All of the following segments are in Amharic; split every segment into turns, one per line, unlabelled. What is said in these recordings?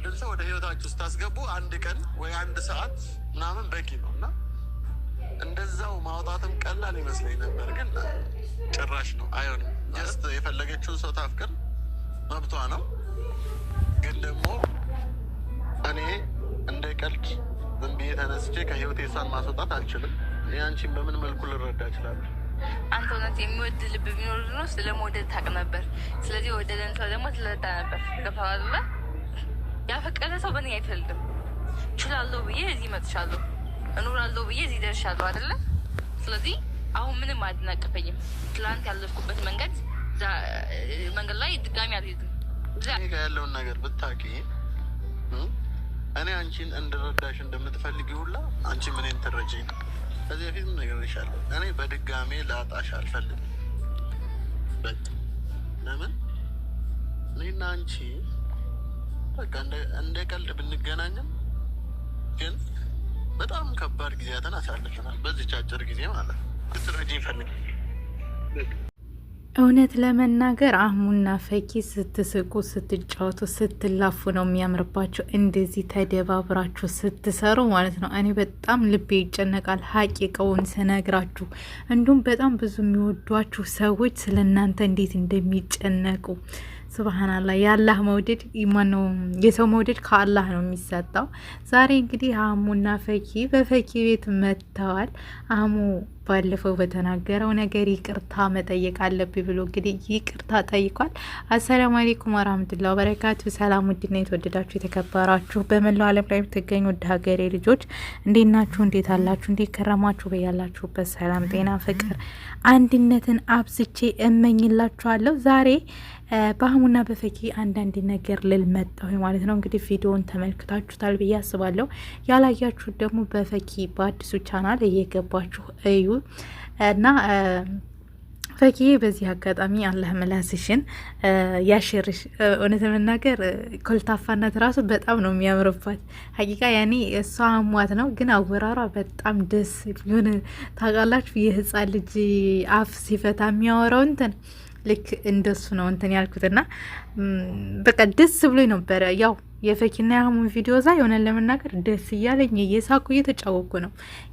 አንድን ሰው ወደ ህይወታችሁ ስታስገቡ አንድ ቀን ወይ አንድ ሰዓት ምናምን በቂ ነው እና እንደዛው ማውጣትም ቀላል ይመስለኝ ነበር፣ ግን ጭራሽ ነው አይሆንም። ጀስት የፈለገችውን ሰው ታፍቅር መብቷ ነው። ግን ደግሞ እኔ እንደ ቀልድ ዝም ብዬ ተነስቼ ከህይወቴ እሷን ማስወጣት አልችልም። አንቺን በምን መልኩ ልረዳ እችላለሁ?
አንተ እውነት የሚወድ ልብ ቢኖር ስለመውደድ ታውቅ ነበር። ስለዚህ ወደደን ሰው ደግሞ ትለጣ ነበር ገፋ ያፈቀደ ሰው በእኔ አይፈልድም። እችላለሁ ብዬ እዚህ መጥቻለሁ፣ እኖራለሁ ብዬ እዚህ ደርሻለሁ አይደለ? ስለዚህ አሁን ምንም አያደናቅፈኝም። ትላንት ያለፍኩበት መንገድ መንገድ ላይ ድጋሚ አልሄድም።
እኔ ጋ ያለውን ነገር ብታውቂ እኔ አንቺን እንድረዳሽ እንደምትፈልጊ ሁላ አንቺ ምን ንትረጂ ነው ከዚህ በፊት ነግሬሻለሁ። እኔ በድጋሜ ላጣሽ አልፈልግም። ለምን እኔና አንቺ በቃ እንደ ቀልድ ብንገናኝም ግን በጣም ከባድ ጊዜያትን አሳልፈናል። በዚች አጭር ጊዜ ማለት ነው። ስትረጂ ይፈልግ
እውነት ለመናገር አህሙና ፈኪ ስትስቁ፣ ስትጫወቱ፣ ስትላፉ ነው የሚያምርባቸው። እንደዚህ ተደባብራችሁ ስትሰሩ ማለት ነው እኔ በጣም ልቤ ይጨነቃል ሀቂቀውን ስነግራችሁ። እንዲሁም በጣም ብዙ የሚወዷችሁ ሰዎች ስለ እናንተ እንዴት እንደሚጨነቁ ስብሃናላ የአላህ መውደድ ማነው? የሰው መውደድ ከአላህ ነው የሚሰጠው። ዛሬ እንግዲህ አህሙና ፈኪ በፈኪ ቤት መጥተዋል። አህሙ ባለፈው በተናገረው ነገር ይቅርታ መጠየቅ አለብኝ ብሎ እንግዲህ ይቅርታ ጠይቋል። አሰላሙ አሌይኩም ወራህመቱላ ወበረካቱ። ሰላም ውድና የተወደዳችሁ የተከበራችሁ በመላው ዓለም ላይ የምትገኙ ውድ ሀገሬ ልጆች እንዴት ናችሁ? እንዴት አላችሁ? እንዴት ከረማችሁ? በያላችሁበት ሰላም፣ ጤና፣ ፍቅር፣ አንድነትን አብዝቼ እመኝላችኋለሁ ዛሬ በአህሙና በፈኪ አንዳንድ ነገር ልል መጣሁ ማለት ነው። እንግዲህ ቪዲዮን ተመልክታችሁታል ብዬ አስባለሁ። ያላያችሁት ደግሞ በፈኪ በአዲሱ ቻናል እየገባችሁ እዩ እና ፈኪ በዚህ አጋጣሚ አላህ መላስሽን ያሽርሽ። እውነት መናገር ኮልታፋነት ራሱ በጣም ነው የሚያምርባት። ሀቂቃ ያኔ እሷ አሟት ነው፣ ግን አወራሯ በጣም ደስ ሆነ። ታውቃላችሁ የህፃን ልጅ አፍ ሲፈታ የሚያወራው እንትን ልክ እንደሱ ነው እንትን ያልኩትና በቃ ደስ ብሎኝ ነበረ ያው የፈኪና የአህሙን ቪዲዮ ዛ የሆነ ለመናገር ደስ እያለኝ እየሳኩ እየተጫወኩ ነው።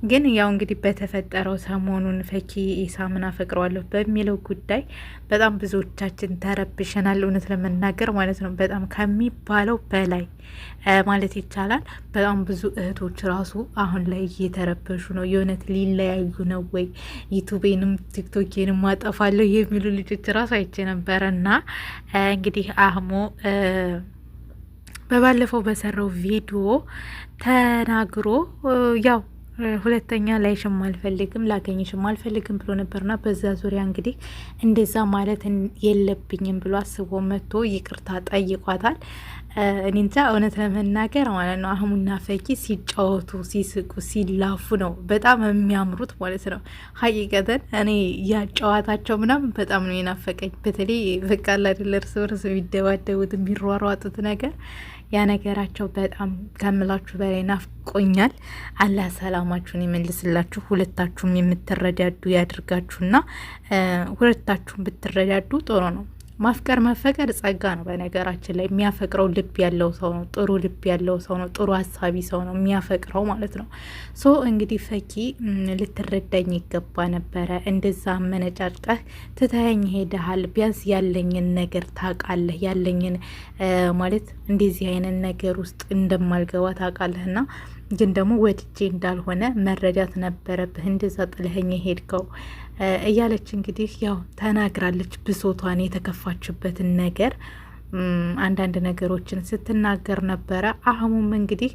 ግን ያው እንግዲህ በተፈጠረው ሰሞኑን ፈኪ ኢሳ ምን አፈቅረዋለሁ በሚለው ጉዳይ በጣም ብዙዎቻችን ተረብሸናል። እውነት ለመናገር ማለት ነው በጣም ከሚባለው በላይ ማለት ይቻላል። በጣም ብዙ እህቶች ራሱ አሁን ላይ እየተረበሹ ነው። የእውነት ሊለያዩ ነው ወይ ዩቱቤንም ቲክቶኬንም ማጠፋለሁ የሚሉ ልጆች ራሱ አይቼ ነበረ እና እንግዲህ አህሞ በባለፈው በሰራው ቪዲዮ ተናግሮ ያው ሁለተኛ ላይሽም አልፈልግም ላገኝሽም አልፈልግም ብሎ ነበርና በዛ ዙሪያ እንግዲህ እንደዛ ማለት የለብኝም ብሎ አስቦ መጥቶ ይቅርታ ጠይቋታል። እኔ እንጃ እውነት ለመናገር ማለት ነው አህሙና ፈኪ ሲጫወቱ፣ ሲስቁ፣ ሲላፉ ነው በጣም የሚያምሩት ማለት ነው። ሀቂቀተን እኔ ያጨዋታቸው ምናምን በጣም ነው የናፈቀኝ። በተለይ በቃ ላድል እርስ በርስ የሚደባደቡት የሚሯሯጡት ነገር ያ ነገራቸው በጣም ከምላችሁ በላይ ናፍቆኛል። አላህ ሰላማችሁን ይመልስላችሁ። ሁለታችሁም የምትረዳዱ ያድርጋችሁና ሁለታችሁም ብትረዳዱ ጥሩ ነው። ማፍቀር መፈቀር ጸጋ ነው። በነገራችን ላይ የሚያፈቅረው ልብ ያለው ሰው ነው። ጥሩ ልብ ያለው ሰው ነው። ጥሩ ሀሳቢ ሰው ነው የሚያፈቅረው ማለት ነው። ሶ እንግዲህ ፈኪ ልትረዳኝ ይገባ ነበረ። እንደዛ መነጫጭቀህ ትታያኝ ሄደሃል። ቢያንስ ያለኝን ነገር ታውቃለህ። ያለኝን ማለት እንደዚህ አይነት ነገር ውስጥ እንደማልገባ ታውቃለህ ና ግን ደግሞ ወድጄ እንዳልሆነ መረዳት ነበረብህ። እንደዛ ጥለኸኝ ሄድከው እያለች እንግዲህ ያው ተናግራለች ብሶቷን የተከፋችበትን ነገር አንዳንድ ነገሮችን ስትናገር ነበረ። አህሙም እንግዲህ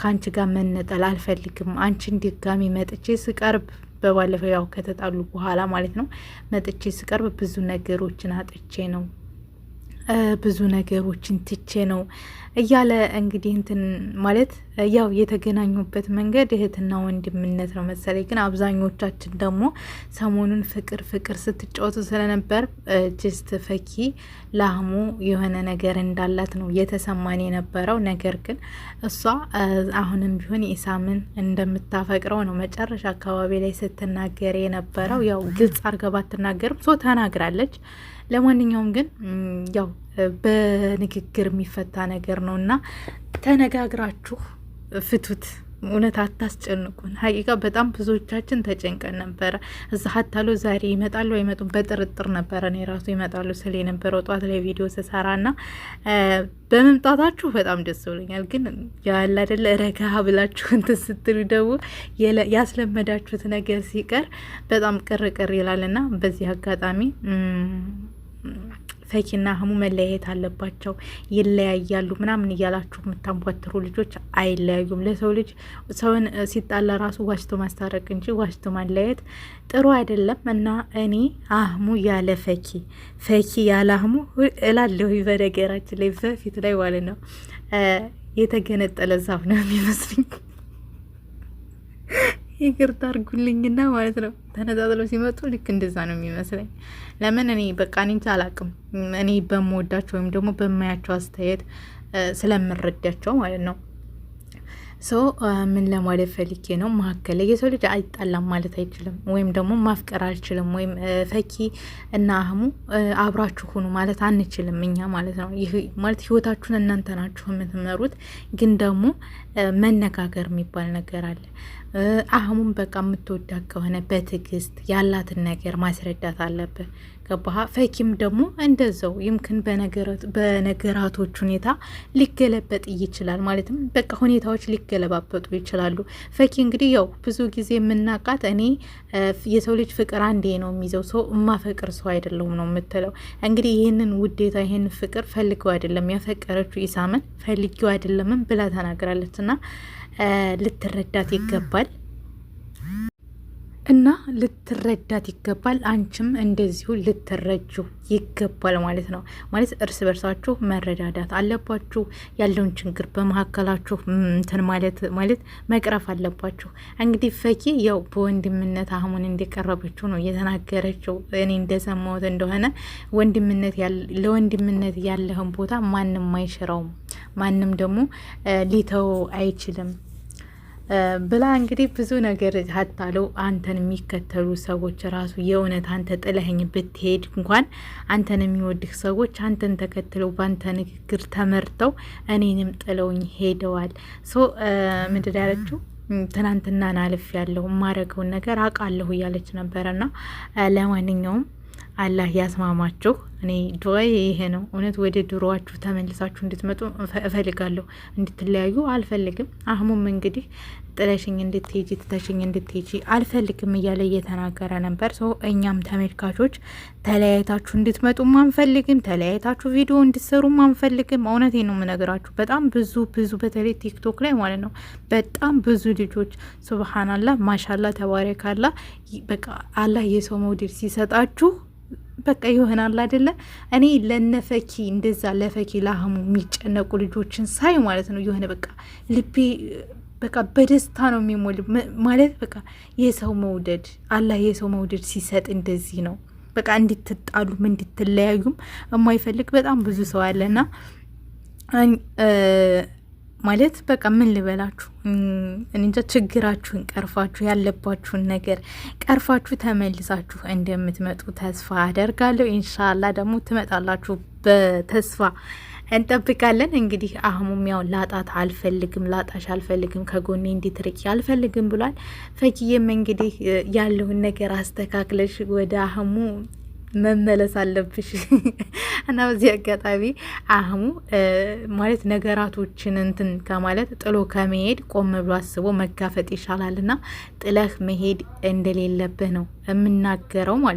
ከአንቺ ጋር መነጠል አልፈልግም፣ አንቺን ድጋሚ መጥቼ ስቀርብ በባለፈው ያው ከተጣሉ በኋላ ማለት ነው መጥቼ ስቀርብ ብዙ ነገሮችን አጥቼ ነው ብዙ ነገሮችን ትቼ ነው እያለ እንግዲህ እንትን ማለት ያው የተገናኙበት መንገድ እህትና ወንድምነት ነው መሰለኝ። ግን አብዛኞቻችን ደግሞ ሰሞኑን ፍቅር ፍቅር ስትጫወቱ ስለነበር ጅስት ፈኪ ላህሙ የሆነ ነገር እንዳላት ነው የተሰማን የነበረው። ነገር ግን እሷ አሁንም ቢሆን ኢሳምን እንደምታፈቅረው ነው መጨረሻ አካባቢ ላይ ስትናገር የነበረው። ያው ግልጽ አርገ ባትናገርም ሶ ተናግራለች። ለማንኛውም ግን ያው በንግግር የሚፈታ ነገር ነው እና ተነጋግራችሁ ፍቱት። እውነት አታስጨንቁን። ሀቂቃ በጣም ብዙዎቻችን ተጨንቀን ነበረ። እዛ ሀታሎ ዛሬ ይመጣሉ አይመጡም በጥርጥር ነበረ። እኔ ራሱ ይመጣሉ ስል የነበረው ጠዋት ላይ ቪዲዮ ስሰራ እና በመምጣታችሁ በጣም ደስ ብሎኛል። ግን ያለ አደለ ረጋ ብላችሁ እንትን ስትሉ ደግሞ ያስለመዳችሁት ነገር ሲቀር በጣም ቅርቅር ይላል እና በዚህ አጋጣሚ ፈኪና ህሙ መለያየት አለባቸው፣ ይለያያሉ ምናምን እያላችሁ የምታንቧትሩ ልጆች አይለያዩም። ለሰው ልጅ ሰውን ሲጣላ ራሱ ዋሽቶ ማስታረቅ እንጂ ዋሽቶ ማለያየት ጥሩ አይደለም እና እኔ አህሙ ያለ ፈኪ ፈኪ ያለ አህሙ እላለሁ። በነገራችን ላይ በፊት ላይ ማለት ነው የተገነጠለ ዛፍ ነው የሚመስልኝ ይቅርታ አድርጉልኝና ማለት ነው። ተነጣጥለው ሲመጡ ልክ እንደዛ ነው የሚመስለኝ። ለምን እኔ በቃ እኔ አላቅም። እኔ በምወዳቸው ወይም ደግሞ በማያቸው አስተያየት ስለምረዳቸው ማለት ነው። ሰው ምን ለማለት ፈልጌ ነው፣ መካከል የሰው ልጅ አይጣላም ማለት አይችልም፣ ወይም ደግሞ ማፍቀር አልችልም፣ ወይም ፈኪ እና አህሙ አብራችሁ ሁኑ ማለት አንችልም እኛ ማለት ነው። ይህ ማለት ህይወታችሁን እናንተ ናችሁ የምትመሩት፣ ግን ደግሞ መነጋገር የሚባል ነገር አለ። አህሙን በቃ የምትወዳ ከሆነ በትዕግስት ያላትን ነገር ማስረዳት አለብህ። ገባህ? ፈኪም ደግሞ እንደዛው ይምክን በነገራቶች ሁኔታ ሊገለበጥ ይችላል። ማለትም በቃ ሁኔታዎች ሊገለባበጡ ይችላሉ። ፈኪ እንግዲህ ያው ብዙ ጊዜ የምናቃት እኔ የሰው ልጅ ፍቅር አንዴ ነው የሚይዘው ሰው እማፈቅር ሰው አይደለሁም ነው የምትለው። እንግዲህ ይህንን ውዴታ ይህንን ፍቅር ፈልገው አይደለም ያፈቀረችው ኢሳምን ፈልጌው አይደለምን ብላ ተናግራለች። እና ልትረዳት ይገባል እና ልትረዳት ይገባል። አንቺም እንደዚሁ ልትረጁ ይገባል ማለት ነው። ማለት እርስ በርሳችሁ መረዳዳት አለባችሁ። ያለውን ችግር በመካከላችሁ እንትን ማለት ማለት መቅረፍ አለባችሁ። እንግዲህ ፈኪ ያው በወንድምነት አህሙን እንደቀረበችው ነው የተናገረችው። እኔ እንደሰማሁት እንደሆነ ወንድምነት ለወንድምነት ያለህን ቦታ ማንም አይሽረውም ማንም ደግሞ ሊተው አይችልም ብላ እንግዲህ ብዙ ነገር ሀታለው አንተን የሚከተሉ ሰዎች ራሱ የእውነት አንተ ጥለኝ ብትሄድ እንኳን አንተን የሚወድህ ሰዎች አንተን ተከትለው በአንተ ንግግር ተመርተው እኔንም ጥለውኝ ሄደዋል። ሶ ምንድን ያለችው ትናንትና ናልፍ ያለው የማረገውን ነገር አውቃለሁ እያለች ነበረና ለማንኛውም አላህ ያስማማችሁ። እኔ ዱዓዬ ይሄ ነው። እውነት ወደ ድሮዋችሁ ተመልሳችሁ እንድትመጡ እፈልጋለሁ። እንድትለያዩ አልፈልግም። አህሙም እንግዲህ ጥለሽኝ እንድትሄጂ ትተሽኝ እንድትሄጂ አልፈልግም እያለ እየተናገረ ነበር። ሰው እኛም ተመልካቾች ተለያይታችሁ እንድትመጡም አንፈልግም፣ ተለያይታችሁ ቪዲዮ እንድትሰሩም አንፈልግም። እውነቴ ነው የምነግራችሁ። በጣም ብዙ ብዙ በተለይ ቲክቶክ ላይ ማለት ነው በጣም ብዙ ልጆች ሱብሃናላ ማሻላ ተባረካላ በቃ አላህ የሰው መውደድ ሲሰጣችሁ በቃ ይሆናል አይደለ? እኔ ለነፈኪ እንደዛ ለፈኪ ለአህሙ የሚጨነቁ ልጆችን ሳይ ማለት ነው የሆነ በቃ ልቤ በቃ በደስታ ነው የሚሞል ማለት በቃ የሰው መውደድ አላህ የሰው መውደድ ሲሰጥ እንደዚህ ነው። በቃ እንድትጣሉም እንድትለያዩም የማይፈልግ በጣም ብዙ ሰው አለና ማለት በቃ ምን ልበላችሁ፣ እንጃ ችግራችሁን ቀርፋችሁ ያለባችሁን ነገር ቀርፋችሁ ተመልሳችሁ እንደምትመጡ ተስፋ አደርጋለሁ። ኢንሻላ ደግሞ ትመጣላችሁ በተስፋ እንጠብቃለን። እንግዲህ አህሙም ያው ላጣት አልፈልግም፣ ላጣሽ አልፈልግም፣ ከጎኔ እንዲትርቂ አልፈልግም ብሏል። ፈኪዬም እንግዲህ ያለውን ነገር አስተካክለሽ ወደ አህሙ መመለስ አለብሽ እና በዚህ አጋጣሚ አህሙ ማለት ነገራቶችን እንትን ከማለት ጥሎ ከመሄድ ቆም ብሎ አስቦ መጋፈጥ ይሻላል እና ጥለህ መሄድ እንደሌለብህ ነው የምናገረው ማለት